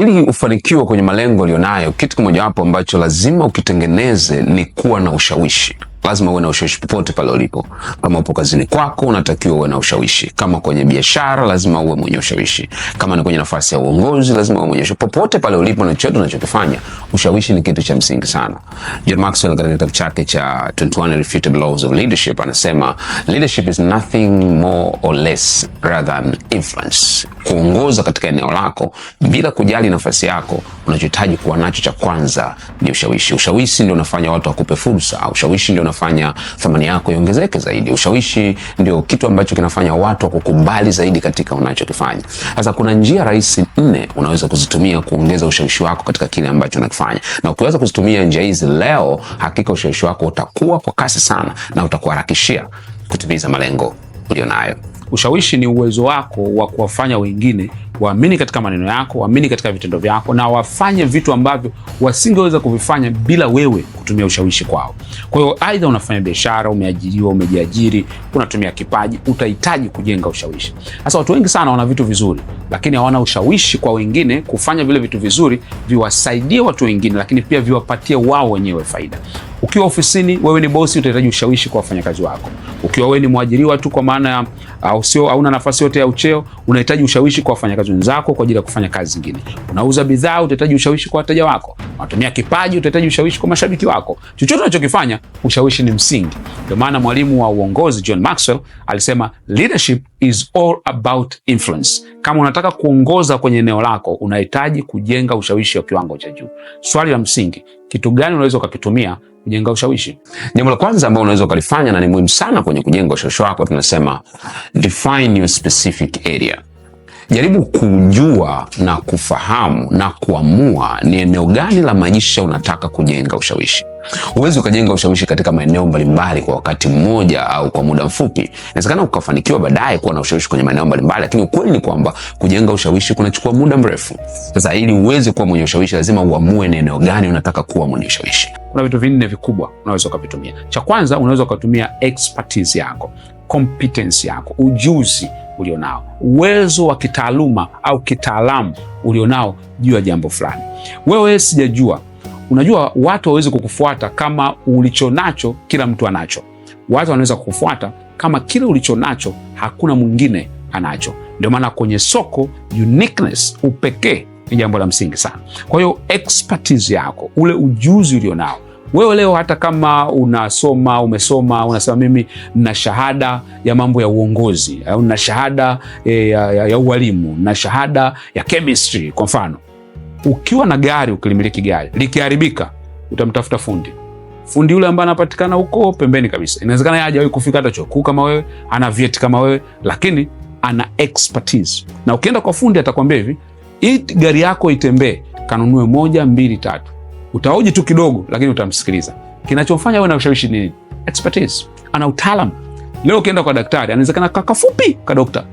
Ili ufanikiwe kwenye malengo ulionayo, kitu kimojawapo ambacho lazima ukitengeneze ni kuwa na ushawishi lazima uwe na ushawishi popote pale ulipo. Kama upo kazini kwako, unatakiwa uwe na ushawishi. Kama kwenye biashara, lazima uwe mwenye ushawishi. Kama ni kwenye nafasi ya uongozi, lazima uwe mwenye ushawishi. Popote pale ulipo na chochote unachokifanya, ushawishi ni kitu cha msingi sana. John Maxwell katika kitabu chake cha 21 Irrefutable Laws of Leadership anasema leadership is nothing more or less rather than influence. Kuongoza katika eneo lako bila kujali nafasi yako, unachohitaji kuwa nacho cha kwanza ni ushawishi. Ushawishi ndio unafanya watu wakupe fursa. Ushawishi ndio kinafanya thamani yako iongezeke zaidi. Ushawishi ndio kitu ambacho kinafanya watu wakukubali zaidi katika unachokifanya. Sasa kuna njia rahisi nne unaweza kuzitumia kuongeza ushawishi wako katika kile ambacho unakifanya, na ukiweza kuzitumia njia hizi leo, hakika ushawishi wako utakuwa kwa kasi sana na utakuharakishia kutimiza malengo ulionayo. Ushawishi ni uwezo wako wa kuwafanya wengine waamini katika maneno yako, waamini katika vitendo vyako, na wafanye vitu ambavyo wasingeweza kuvifanya bila wewe kutumia ushawishi kwao. Kwa hiyo, aidha unafanya biashara, umeajiriwa, umejiajiri, unatumia kipaji, utahitaji kujenga ushawishi. Sasa watu wengi sana wana vitu vizuri, lakini hawana ushawishi kwa wengine kufanya vile vitu vizuri viwasaidie watu wengine, lakini pia viwapatie wao wenyewe faida. Ukiwa ofisini wewe ni bosi, utahitaji ushawishi kwa wafanyakazi wako. Ukiwa wewe ni mwajiriwa tu, kwa maana ya au sio hauna nafasi yote ya ucheo, unahitaji ushawishi kwa wafanyakazi wenzako kwa ajili ya kufanya kazi zingine. Unauza bidhaa, utahitaji ushawishi kwa wateja wako. Unatumia kipaji, utahitaji ushawishi kwa mashabiki wako. Chochote unachokifanya, ushawishi ni msingi. Ndio maana mwalimu wa uongozi John Maxwell alisema leadership is all about influence. Kama unataka kuongoza kwenye eneo lako, unahitaji kujenga ushawishi wa kiwango cha juu. Swali la msingi kitu gani unaweza ukakitumia kujenga ushawishi? Jambo la kwanza ambalo unaweza ukalifanya na ni muhimu sana kwenye kujenga ushawishi wako, tunasema define your specific area. Jaribu kujua na kufahamu na kuamua ni eneo gani la maisha unataka kujenga ushawishi. Huwezi ukajenga ushawishi katika maeneo mbalimbali kwa wakati mmoja au kwa muda mfupi. Inawezekana ukafanikiwa baadaye kuwa na ushawishi kwenye maeneo mbalimbali, lakini ukweli ni kwamba kujenga ushawishi kunachukua muda mrefu. Sasa, ili uweze kuwa mwenye ushawishi, lazima uamue ni eneo gani unataka kuwa mwenye ushawishi. Kuna vitu vinne vikubwa unaweza ukavitumia. Cha kwanza, unaweza ukatumia expertise yako competence yako, ujuzi ulionao, uwezo wa kitaaluma au kitaalamu ulionao juu ya jambo fulani. Wewe sijajua, unajua watu wawezi kukufuata kama ulichonacho kila mtu anacho. Watu wanaweza kukufuata kama kile ulichonacho hakuna mwingine anacho. Ndio maana kwenye soko uniqueness, upekee ni jambo la msingi sana. Kwa hiyo expertise yako, ule ujuzi ulionao wewe leo hata kama unasoma umesoma, unasema mimi na shahada ya mambo ya uongozi au na shahada eh, ya, ya, ya ualimu na shahada ya chemistry kwa mfano, ukiwa na gari, ukilimiliki gari likiharibika, utamtafuta fundi fundi yule ambaye anapatikana huko pembeni kabisa. Inawezekana yeye hajawahi kufika hata chuo kikuu kama wewe, ana vyeti kama wewe, lakini ana expertise. Na ukienda kwa fundi atakwambia hivi, hii gari yako itembee, kanunue moja, mbili, tatu. Utaoji tu kidogo, lakini utamsikiliza. Kinachofanya awe na ushawishi ni expertise, ana utaalam. Leo ukienda kwa daktari, anawezekana kakafupi ka dokta,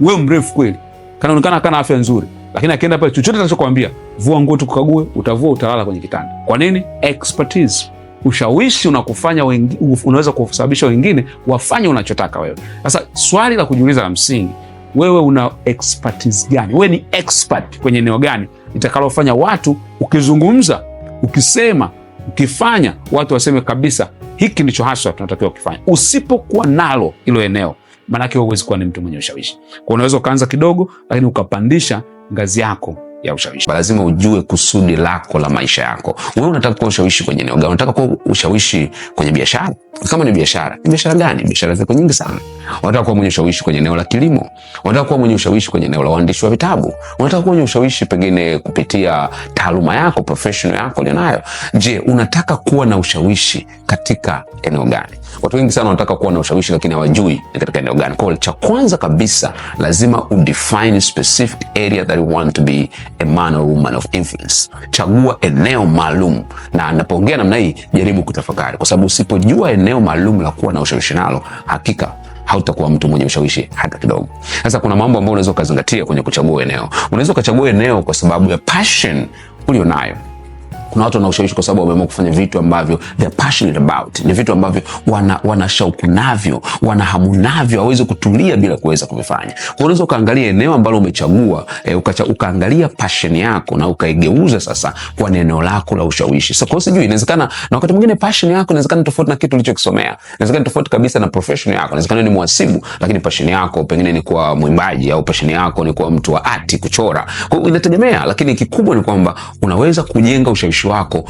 wewe mrefu kweli, kanaonekana kana afya nzuri, lakini akienda pale, chochote anachokwambia vua nguo tukukague, utavua, utalala kwenye kitanda. Kwa nini? Expertise. Ushawishi unakufanya wengi, unaweza kusababisha wengine wafanye unachotaka wewe. Sasa swali la kujiuliza la msingi, wewe una expertise gani? Wewe ni expert kwenye eneo gani itakalofanya watu ukizungumza ukisema, ukifanya, watu waseme kabisa hiki ndicho haswa tunatakiwa kufanya. Usipokuwa nalo hilo eneo, maanake huwezi kuwa ni mtu mwenye ushawishi. Kwa unaweza ukaanza kidogo, lakini ukapandisha ngazi yako ya ushawishi. Lazima ujue kusudi lako la maisha yako. Wewe unataka kuwa ushawishi kwenye eneo gani? Unataka kuwa ushawishi kwenye biashara? Kama ni biashara, ni biashara gani? Biashara ziko nyingi sana. Unataka kuwa mwenye ushawishi kwenye eneo la kilimo, unataka kuwa mwenye ushawishi kwenye eneo la uandishi wa vitabu, unataka kuwa mwenye ushawishi pengine kupitia taaluma yako, professional yako ulionayo. Je, unataka kuwa na ushawishi katika eneo gani? Watu wengi sana wanataka kuwa na ushawishi lakini hawajui ni katika eneo gani. Kwa cha kwanza kabisa lazima udefine specific area that you want to be a man or woman of influence. Chagua eneo maalum, na napoongea namna hii, jaribu kutafakari, kwa sababu usipojua eneo maalum la kuwa na ushawishi nalo, hakika hautakuwa mtu mwenye ushawishi hata kidogo. Sasa kuna mambo ambayo unaweza ukazingatia kwenye kuchagua eneo. Unaweza ukachagua eneo kwa sababu ya passion ulionayo. Kuna watu wana ushawishi kwa sababu wameamua kufanya vitu ambavyo they are passionate about, ni vitu ambavyo wana, wana shauku navyo, wana hamu navyo, hawezi kutulia bila kuweza kuvifanya. Kwa unaweza ukaangalia eneo ambalo umechagua e, ukacha, ukaangalia passion yako na ukaigeuza sasa kwa eneo lako la ushawishi. So, kwa sijui, inawezekana na wakati mwingine passion yako inawezekana tofauti na kitu ulichokisomea, inawezekana tofauti kabisa na profession yako, inawezekana ni mhasibu, lakini passion yako pengine ni kuwa mwimbaji au passion yako ni kuwa mtu wa art, kuchora. Kwa hiyo inategemea, lakini kikubwa ni kwamba unaweza kujenga ushawishi ushawishi wako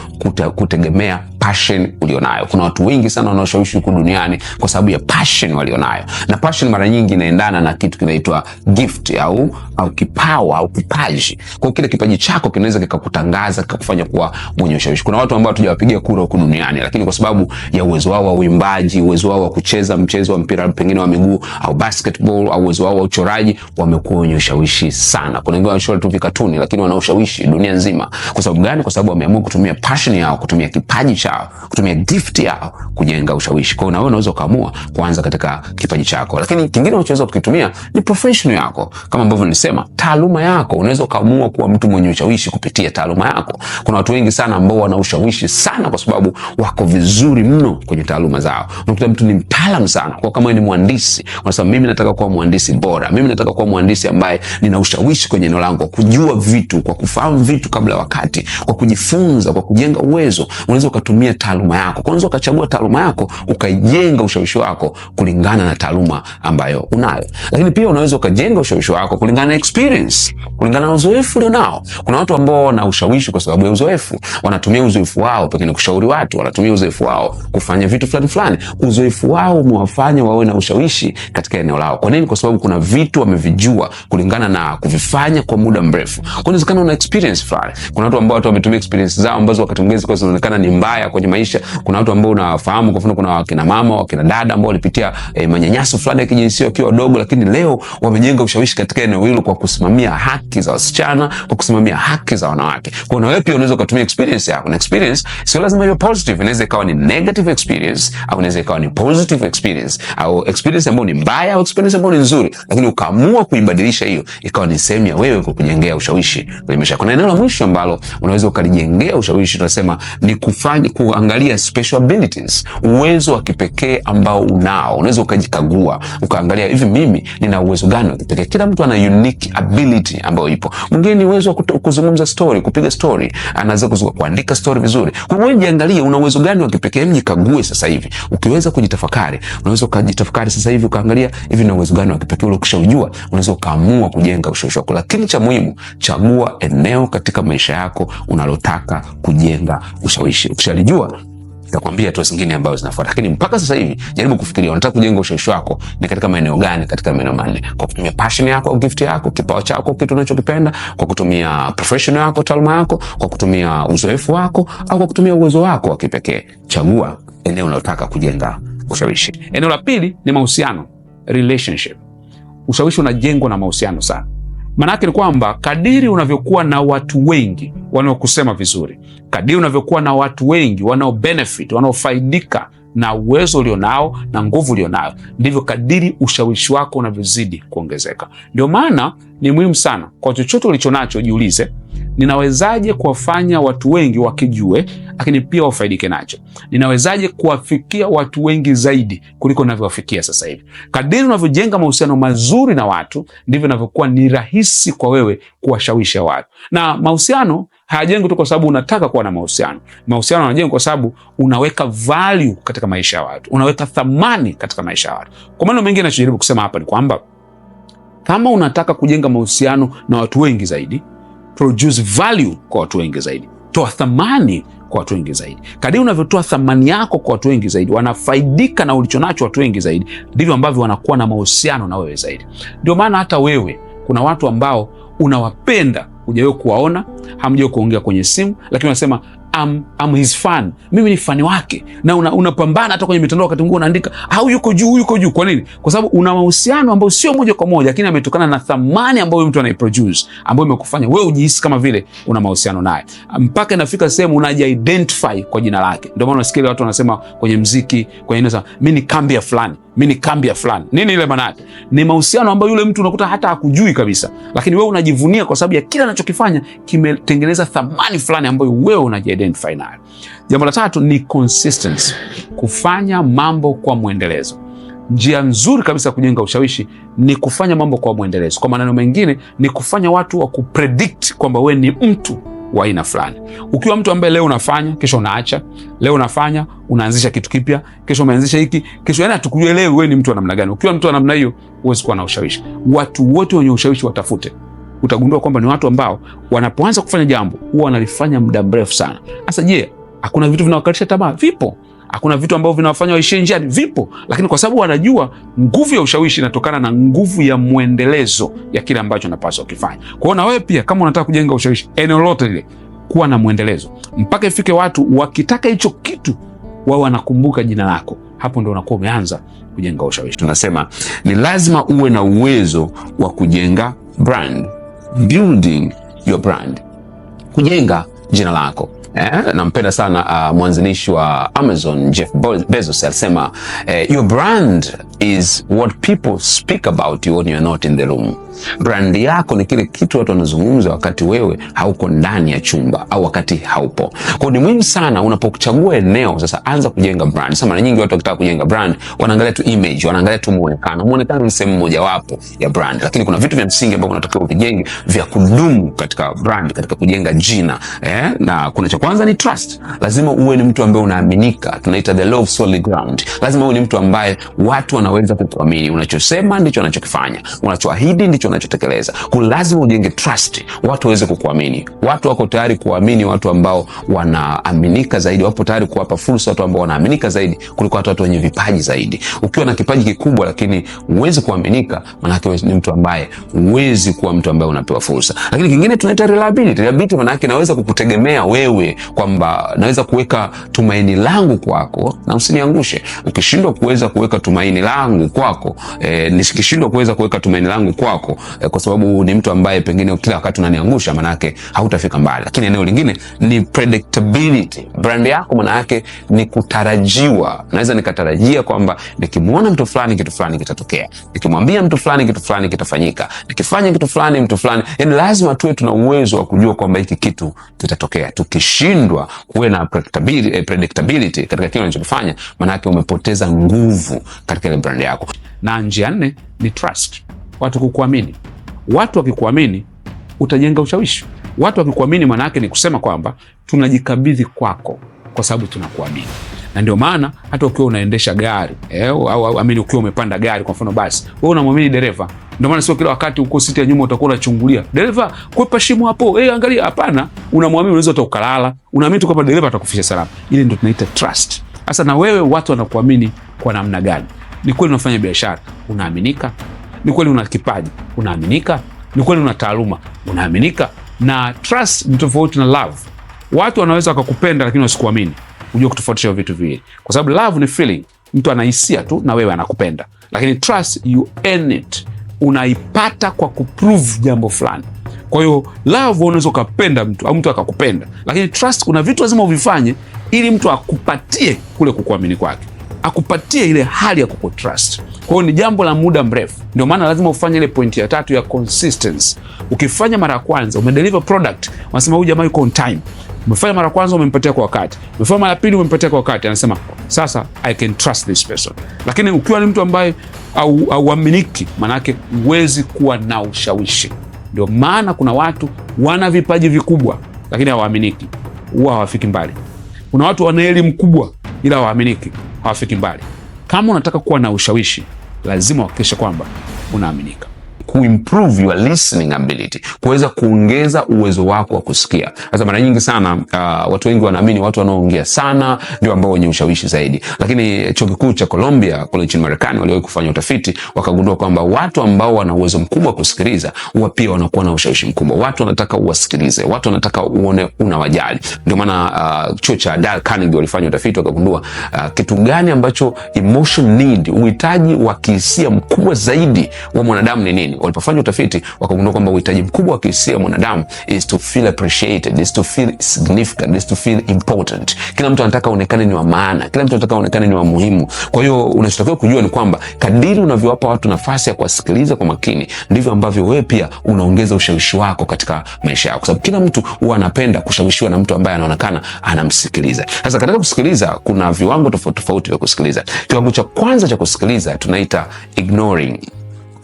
kutegemea passion ulionayo. Kuna watu wengi sana wanaoshawishi huku duniani kwa sababu ya passion walionayo, na passion mara nyingi inaendana na kitu kinaitwa gift au au kipawa au kipaji. Kwa kile kipaji chako kinaweza kikakutangaza kikakufanya kuwa mwenye ushawishi. Kuna watu ambao hatujawapigia kura huku duniani, lakini kwa sababu ya uwezo wao wa uimbaji, uwezo wao wa kucheza mchezo wa mpira pengine wa miguu au basketball, au uwezo wao wa uchoraji, wamekuwa wenye ushawishi sana. Kuna wengine wanachora tu vikatuni, lakini wanaoshawishi dunia nzima. Kwa sababu gani? Kwa sababu wameamua kutumia passion yao, kutumia kipaji chao yao, kutumia gift yao kujenga ushawishi. Kwa hiyo na wewe unaweza ukaamua kuanza katika kipaji chako, lakini kingine unachoweza kukitumia ni profession yako, kama ambavyo nilisema, taaluma yako. Unaweza ukaamua kuwa mtu mwenye ushawishi kupitia taaluma yako. Kuna watu wengi sana ambao wana ushawishi sana kwa sababu wako vizuri mno kwenye taaluma zao. Unakuta mtu ni mtaalamu sana, kwa kama ni mhandisi, unasema mimi nataka kuwa mhandisi bora, mimi nataka kuwa mhandisi ambaye nina ushawishi kwenye eneo langu, kujua vitu, kwa kufahamu vitu kabla wakati, kwa kujifunza, kwa kujenga uwezo. Unaweza ukatumia kutumia taaluma yako. Kwanza ukachagua taaluma yako, ukajenga ushawishi wako kulingana na taaluma ambayo unayo. Lakini pia unaweza ukajenga ushawishi wako kulingana na experience, kulingana na uzoefu ulionao. Kuna watu ambao wana ushawishi kwa sababu ya uzoefu, wanatumia uzoefu wao pengine kushauri watu, wanatumia uzoefu wao kufanya vitu fulani fulani. Uzoefu wao umewafanya wawe na ushawishi katika eneo lao. Kwa nini? Kwa sababu kuna vitu wamevijua kulingana na kuvifanya kwa muda mrefu. Kwa inawezekana una experience fulani. Kuna watu ambao watu wametumia experience zao ambazo wakati mwingine zinaonekana ni mbaya kwenye maisha. Kuna watu ambao unawafahamu, kwa mfano kuna wakina mama, wakina dada ambao walipitia eh, manyanyaso fulani ya kijinsia wakiwa wadogo, lakini leo wamejenga ushawishi katika eneo hilo kwa kusimamia haki za wasichana, kwa kusimamia haki za wanawake. Kwa na wewe pia unaweza kutumia experience yako, na experience sio lazima iwe positive, inaweza ikawa ni negative experience au inaweza ikawa ni positive experience au experience ambayo ni mbaya au experience ambayo ni nzuri, lakini ukaamua kuibadilisha hiyo ikawa ni sehemu ya wewe kukujengea ushawishi kwenye maisha. Kuna eneo la mwisho ambalo unaweza ukalijengea ushawishi, tunasema ni kufanya ku kuangalia special abilities, uwezo wa kipekee ambao unao. Unaweza ukajikagua ukaangalia, hivi mimi nina uwezo gani wa kipekee? Kila mtu ana unique ability ambayo ipo. Mwingine ni uwezo wa kuzungumza story, kupiga story, anaweza kuandika story vizuri. Kwa hiyo jiangalie, una uwezo gani wa kipekee, mjikague sasa hivi. Ukiweza kujitafakari, unaweza ukajitafakari sasa hivi ukaangalia, hivi na uwezo gani wa kipekee ule. Ukishaujua unaweza ukaamua kujenga ushawishi wako, lakini cha muhimu, chagua eneo katika maisha yako unalotaka kujenga ushawishi. Ukishali ukijua nitakwambia hatua zingine ambazo zinafuata, lakini mpaka sasa hivi jaribu kufikiria unataka kujenga ushawishi wako ni katika maeneo gani? Katika maeneo manne, kwa kutumia passion yako au gift yako, kipawa chako, kitu unachokipenda, kwa kutumia profession yako, taaluma yako, kwa kutumia uzoefu wako, au kwa kutumia uwezo wako wa kipekee. Chagua eneo unalotaka kujenga ushawishi. Eneo la pili ni mahusiano, relationship. Ushawishi unajengwa na mahusiano sana. Maanake ni kwamba kadiri unavyokuwa na watu wengi wanaokusema vizuri, kadiri unavyokuwa na watu wengi wanaobenefit, wanaofaidika na uwezo ulionao na nguvu ulionayo, ndivyo kadiri ushawishi wako unavyozidi kuongezeka. Ndio maana ni muhimu sana, kwa chochote ulicho nacho jiulize, ninawezaje kuwafanya watu wengi wakijue, lakini pia wafaidike nacho? Ninawezaje kuwafikia watu wengi zaidi kuliko navyowafikia sasa hivi? Kadiri unavyojenga mahusiano mazuri na watu, ndivyo inavyokuwa ni rahisi kwa wewe kuwashawisha watu, na mahusiano hayajengwi tu kwa sababu unataka kuwa na mahusiano. Mahusiano yanajengwa kwa sababu unaweka value katika maisha ya watu, unaweka thamani katika maisha ya watu. Kwa maana mengine, ninachojaribu kusema hapa ni kwamba kama unataka kujenga mahusiano na watu wengi zaidi, produce value kwa watu wengi zaidi, toa thamani kwa watu wengi zaidi. Kadiri unavyotoa thamani yako kwa watu wengi zaidi, wanafaidika na ulichonacho watu wengi zaidi, ndivyo ambavyo wanakuwa na mahusiano na wewe zaidi. Ndio maana hata wewe, kuna watu ambao unawapenda hujawahi kuwaona, hamjawahi kuongea kwenye simu, lakini wanasema I'm, I'm his fan. Mimi ni fani wake, na unapambana una hata kwenye mitandao, wakati mwingine unaandika au ah, yuko juu, yuko juu. Kwa nini? Kwa sababu una mahusiano ambayo sio moja kwa moja, lakini ametokana na thamani ambayo mtu anaiproduce, ambayo imekufanya wewe ujihisi kama vile una mahusiano naye, mpaka inafika sehemu unaji-identify kwa jina lake. Ndio maana unasikia watu wanasema kwenye mziki, kwenye nasa, mimi ni kambi ya fulani mi ni kambi ya fulani. Nini ile maana yake? Ni mahusiano ambayo yule mtu unakuta hata hakujui kabisa, lakini wewe unajivunia kwa sababu ya kile anachokifanya kimetengeneza thamani fulani ambayo wewe unajiidentify nayo. Jambo la tatu ni consistency, kufanya mambo kwa mwendelezo. Njia nzuri kabisa ya kujenga ushawishi ni kufanya mambo kwa mwendelezo. Kwa maneno mengine, ni kufanya watu wa kupredict kwamba wewe ni mtu wa aina fulani. Ukiwa mtu ambaye leo unafanya kesho unaacha, leo unafanya unaanzisha kitu kipya, kesho umeanzisha hiki, kesho yani hatukuelewi wewe ni mtu wa namna gani. Ukiwa mtu wa namna hiyo huwezi kuwa na ushawishi. Watu wote wenye ushawishi watafute, utagundua kwamba ni watu ambao wanapoanza kufanya jambo huwa wanalifanya muda mrefu sana. Sasa je, hakuna vitu vinawakalisha tamaa? Vipo. Hakuna vitu ambavyo vinawafanya waishie njiani, vipo, lakini kwa sababu wanajua nguvu ya ushawishi inatokana na nguvu ya mwendelezo ya kile ambacho napaswa kukifanya. kwao na wewe pia kama unataka kujenga ushawishi eneo lote lile, kuwa na mwendelezo mpaka ifike watu wakitaka hicho kitu wao wanakumbuka jina lako. Hapo ndo unakuwa umeanza kujenga ushawishi. Tunasema ni lazima uwe na uwezo wa kujenga brand, building your brand, kujenga jina lako eh, nampenda sana uh, mwanzilishi wa Amazon Jeff Bezos alisema eh, your brand is what people speak about you when you are not in the room. Brand yako ni kile kitu watu wanazungumza wakati wewe hauko ndani ya chumba au wakati haupo. Kwa ni muhimu sana unapochagua eneo sasa, anza kujenga brand. Sasa mara nyingi watu wakitaka kujenga brand wanaangalia tu image, wanaangalia tu muonekano. Muonekano ni sehemu moja wapo ya brand, lakini kuna vitu vya msingi ambavyo unatakiwa uvijenge vya kudumu katika brand, katika kujenga jina eh? na kuna cha kwanza ni trust. Lazima uwe ni mtu ambaye unaaminika, tunaita the love solid ground. Lazima uwe ni mtu ambaye watu anaweza kukuamini. Unachosema ndicho anachokifanya, unachoahidi ndicho anachotekeleza. Lazima ujenge trust, watu waweze kukuamini. Watu wako tayari kuamini watu ambao wanaaminika zaidi, wapo tayari kuwapa fursa watu ambao wanaaminika zaidi kuliko watu wenye vipaji zaidi. Ukiwa na kipaji kikubwa lakini huwezi kuaminika, manake ni mtu ambaye huwezi kuwa mtu ambaye unapewa fursa. Lakini kingine tunaita reliability. Reliability manake naweza kukutegemea wewe, kwamba naweza kuweka tumaini langu kwako na usiniangushe. Ukishindwa kuweza kuweka tumaini langu langu kwako e, eh, nishikishindwa kuweza kuweka tumaini langu kwako e, kwa sababu ni mtu ambaye pengine kila wakati unaniangusha, maana yake hautafika mbali. Lakini eneo lingine ni predictability. Brand yako maana yake ni kutarajiwa. Naweza nikatarajia kwamba nikimwona mtu fulani kitu fulani kitatokea, nikimwambia mtu fulani kitu fulani kitafanyika, nikifanya kitu fulani mtu fulani, yani lazima tuwe tuna uwezo wa kujua kwamba hiki kitu kitatokea. Tukishindwa kuwe na predictability, eh, predictability katika kile unachokifanya, maana yake umepoteza nguvu katika ile brand yako. Na njia nne ni trust, watu kukuamini. Watu wakikuamini utajenga ushawishi. Watu wakikuamini, maana yake ni kusema kwamba tunajikabidhi kwako kwa sababu tunakuamini na ndio maana hata ukiwa unaendesha gari eh, au, amini ukiwa umepanda gari kwa mfano basi, wewe unamwamini dereva. Ndio maana sio kila wakati uko siti ya nyuma utakuwa unachungulia dereva, kwepa shimo hapo, eh, angalia. Hapana, unamwamini, unaweza hata ukalala, unaamini tu kwamba dereva atakufisha salama. Ile ndio tunaita trust. Sasa na wewe watu wanakuamini kwa namna gani? Ni kweli unafanya biashara, unaaminika. Ni kweli una kipaji, unaaminika. Ni kweli una taaluma, unaaminika. Na trust ni tofauti na love. Watu wanaweza wakakupenda lakini wasikuamini. Ujue kutofautisha vitu viwili, kwa sababu love ni feeling, mtu anahisia tu na wewe anakupenda, lakini trust you earn it, unaipata kwa kuprove jambo fulani. Kwa hiyo love unaweza ukapenda mtu au mtu akakupenda, lakini trust kuna vitu lazima uvifanye ili mtu akupatie kule kukuamini kwake akupatie ile hali ya kukutrust. Kwa hiyo ni jambo la muda mrefu, ndio maana lazima ufanye ile pointi ya tatu ya consistency. Ukifanya mara ya kwanza umedeliver product, wanasema huyu jamaa yuko on time. Umefanya mara ya kwanza umempatia kwa wakati, umefanya mara ya pili umempatia kwa wakati, anasema sasa I can trust this person. Lakini ukiwa ni mtu ambaye hauaminiki au, maanake huwezi kuwa na ushawishi. Ndio maana kuna watu wana vipaji vikubwa lakini hawaaminiki, huwa hawafiki mbali. Kuna watu wana elimu kubwa ila hawaaminiki hawafiki mbali. Kama unataka kuwa na ushawishi, lazima uhakikishe kwamba unaaminika kuimprove your listening ability, kuweza kuongeza uwezo wako wa kusikia. Sasa mara nyingi sana uh, watu wengi wanaamini watu wanaoongea sana ndio ambao wenye ushawishi zaidi, lakini chuo kikuu cha Columbia kule nchini Marekani waliwahi kufanya utafiti wakagundua kwamba watu ambao wana uwezo mkubwa wa kusikiliza huwa pia wanakuwa na ushawishi mkubwa. Watu wanataka uwasikilize, watu wanataka uone unawajali. Ndio maana uh, chuo cha Dale Carnegie walifanya utafiti wakagundua uh, kitu gani ambacho emotion need, uhitaji wa kihisia mkubwa zaidi wa mwanadamu ni nini? walipofanya utafiti wakagundua kwamba uhitaji mkubwa wa kihisia wa mwanadamu is to feel appreciated, is to feel significant, is to feel important. Kila mtu anataka aonekane ni wa maana, kila mtu anataka aonekane ni wa muhimu. Kwa hiyo unachotakiwa kujua ni kwamba kadiri unavyowapa watu nafasi ya kuwasikiliza kwa makini, ndivyo ambavyo wewe pia unaongeza ushawishi wako katika maisha yako, kwa sababu kila mtu huwa anapenda kushawishiwa na mtu ambaye anaonekana anamsikiliza. Sasa katika kusikiliza kuna viwango tofauti tofauti vya kusikiliza. Kiwango cha kwanza cha kusikiliza tunaita ignoring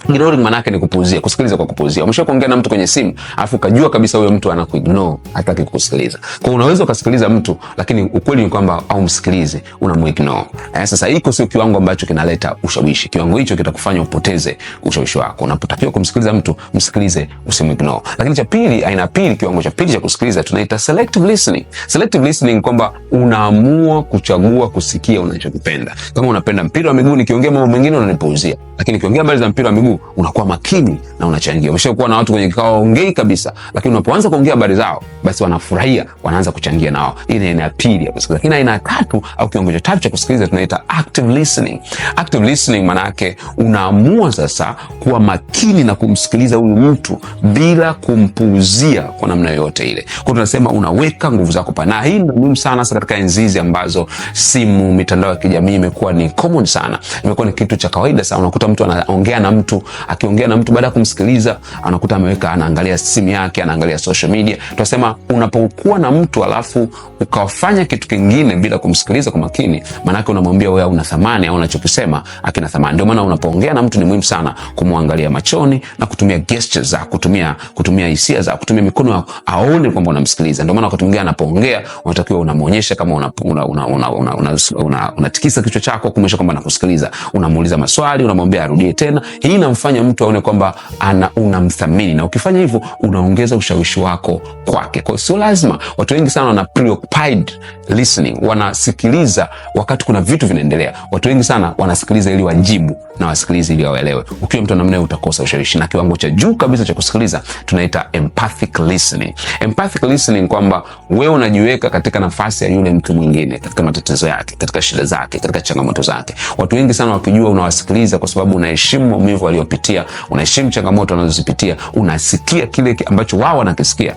Ignoring manake ni kupuuzia, kusikiliza kwa kupuuzia. Umesha kuongea na mtu kwenye simu, afu ukajua kabisa huyo mtu anakuignore, hataki kukusikiliza. Kwa hiyo unaweza ukasikiliza mtu lakini ukweli ni kwamba au msikilize, unamuignore. Eh, sasa hiko sio kiwango ambacho kinaleta ushawishi. Kiwango hicho kitakufanya upoteze ushawishi wako. Unapotakiwa kumsikiliza mtu, msikilize, usimuignore. Lakini cha pili, aina pili, kiwango cha pili cha kusikiliza tunaita selective listening. Selective listening kwamba unaamua kuchagua kusikia unachokipenda. Kama unapenda mpira wa miguu, nikiongea mambo mengine unanipuuzia. Lakini nikiongea mbali za mpira wa miguu sababu unakuwa makini na unachangia. Umeshakuwa na watu kwenye kikao ongei kabisa, lakini unapoanza kuongea habari zao, basi wanafurahia, wanaanza kuchangia nao. Hii ni aina ya pili ya kusikiliza. Lakini aina ya tatu au kiwango cha tatu cha kusikiliza tunaita active listening. Active listening maana yake unaamua sasa kuwa makini na kumsikiliza huyu mtu bila kumpuuzia kwa namna yoyote ile. Kwa tunasema unaweka nguvu zako pana, na hii ni muhimu sana sasa katika enzi hizi ambazo simu, mitandao ya kijamii imekuwa ni common sana, imekuwa ni kitu cha kawaida sana. Unakuta mtu anaongea na mtu akiongea na mtu, baada ya kumsikiliza anakuta ameweka, anaangalia simu yake, anaangalia social media. Tunasema unapokuwa na mtu alafu ukafanya kitu kingine bila kumsikiliza kwa makini, maanake unamwambia wewe una thamani au unachokisema akina thamani. Ndio maana unapoongea na mtu ni muhimu sana kumwangalia machoni na kutumia gestures za kutumia kutumia hisia za kutumia mikono, aone kwamba unamsikiliza. Ndio maana wakati mwingine anapoongea unatakiwa unamwonyesha kama una una, una, una, una, una, una kichwa chako kumwonyesha kwamba nakusikiliza, unamuuliza maswali, unamwambia arudie tena. Hii ina inamfanya mtu aone kwamba ana unamthamini, na ukifanya hivyo unaongeza ushawishi wako kwake. Kwa sio lazima, watu wengi sana wana preoccupied listening, wanasikiliza wakati kuna vitu vinaendelea. Watu wengi sana wanasikiliza ili wajibu na wasikilize ili waelewe. Ukiwa mtu namna hiyo utakosa ushawishi, na kiwango cha juu kabisa cha kusikiliza tunaita empathic listening. Empathic listening kwamba wewe unajiweka katika nafasi ya yule mtu mwingine, katika matatizo yake, katika shida zake, katika changamoto zake. Watu wengi sana wakijua unawasikiliza kwa sababu unaheshimu maumivu walio waliopitia, unaheshimu changamoto wanazozipitia, unasikia kile ambacho wao wanakisikia,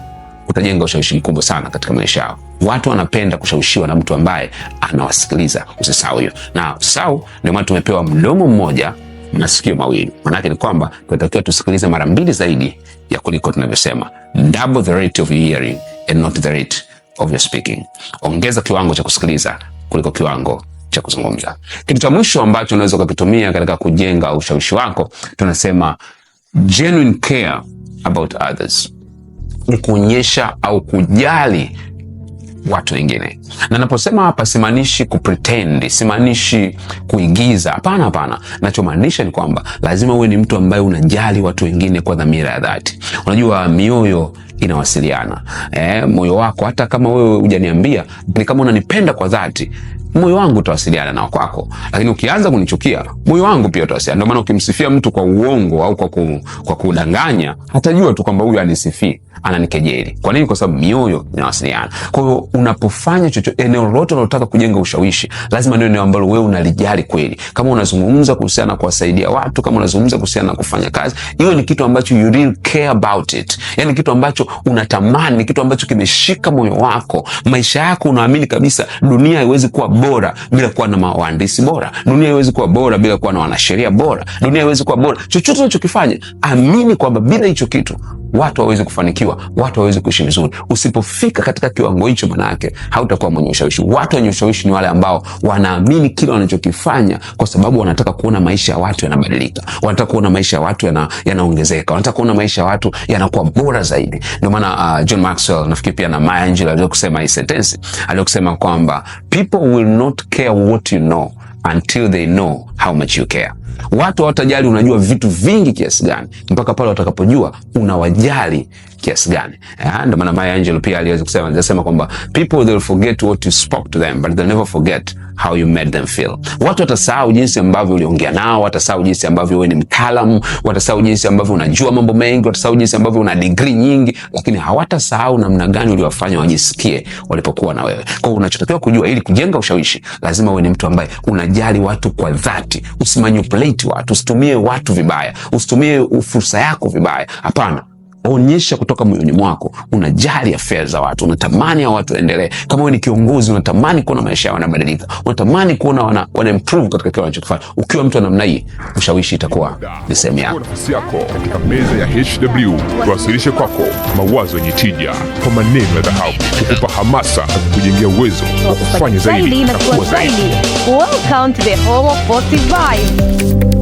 utajenga ushawishi mkubwa sana katika maisha yao. Watu wanapenda kushawishiwa na mtu ambaye anawasikiliza. Usisahau hiyo, na usisahau, ndio maana tumepewa mdomo mmoja masikio mawili. Maanake ni kwamba tunatakiwa tusikilize mara mbili zaidi ya kuliko tunavyosema. Double the rate of hearing and not the rate of your speaking. Ongeza kiwango cha kusikiliza kuliko kiwango cha kuzungumza. Kitu cha mwisho ambacho unaweza ukakitumia katika kujenga ushawishi wako, tunasema genuine care about others, ni kuonyesha au kujali watu wengine. Na naposema hapa simaanishi kupretend, simaanishi kuigiza. Hapana, hapana. Nachomaanisha ni kwamba lazima uwe ni mtu ambaye unajali watu wengine kwa dhamira ya dhati. Unajua mioyo inawasiliana. Eh, moyo wako hata kama wewe hujaniambia, ni kama unanipenda kwa dhati, moyo wangu utawasiliana nao kwako, lakini ukianza kunichukia, moyo wangu pia utawasiliana. Ndio maana ukimsifia mtu kwa uongo au kwa, ku, kwa kudanganya, hatajua tu kwamba huyu anisifii, ananikejeli. Kwa nini? Kwa sababu mioyo inawasiliana. Kwa hiyo unapofanya chochote, eneo lolote unalotaka kujenga ushawishi, lazima ndio eneo ambalo wewe unalijali kweli. Kama unazungumza kuhusiana na kuwasaidia watu, kama unazungumza kuhusiana na kufanya kazi, hiyo ni kitu ambacho you really care about it, yani kitu ambacho unatamani, kitu ambacho kimeshika moyo wako, maisha yako, unaamini kabisa dunia haiwezi kuwa bora bila kuwa na wahandisi bora. Dunia haiwezi kuwa bora bila kuwa na wanasheria bora. Dunia haiwezi kuwa bora. Chochote unachokifanya amini kwamba bila hicho kitu watu wawezi kufanikiwa, watu wawezi kuishi vizuri. Usipofika katika kiwango hicho, maana yake hautakuwa mwenye ushawishi. Watu wenye ushawishi ni wale ambao wanaamini kile wanachokifanya, kwa sababu wanataka kuona maisha ya watu yanabadilika, wanataka kuona maisha ya watu yanaongezeka, yana wanataka kuona maisha ya watu yanakuwa bora zaidi. Ndio maana uh, John Maxwell nafikiri pia na Maya Angelou kusema hii sentensi, aliyokusema kwamba people will not care what you know until they know how much you care. Watu hawatajali unajua vitu vingi kiasi gani mpaka pale watakapojua unawajali kiasi gani. Eh, ndio maana Maya Angelou pia aliweza kusema, anasema kwamba people they'll forget what you spoke to them but they'll never forget how you made them feel. Watu watasahau jinsi ambavyo uliongea nao, watasahau jinsi ambavyo wewe ni mtaalam, watasahau jinsi ambavyo unajua mambo mengi, watasahau jinsi ambavyo una degree nyingi, lakini hawatasahau namna gani uliwafanya wajisikie walipokuwa na wewe. Kwa hiyo unachotakiwa kujua ili kujenga ushawishi, lazima uwe ni mtu ambaye unajali watu kwa dhati, usimanipulate watu, usitumie watu vibaya, usitumie fursa yako vibaya. Hapana onyesha kutoka moyoni mwako unajali afya za watu, unatamani hao watu waendelee. Kama wewe ni kiongozi, unatamani kuona maisha yao yanabadilika, unatamani kuona wana, wana improve katika kile wanachokifanya. Ukiwa mtu wa namna hii, ushawishi itakuwa ni sehemu yako. Nafasi yako katika meza ya HW, tuwasilishe kwako mawazo yenye tija kwa maneno ya dhahabu, kukupa hamasa na kukujengea uwezo wa kufanya zaidi na kuwa zaidi. Welcome to the Hall of Positive Vibes.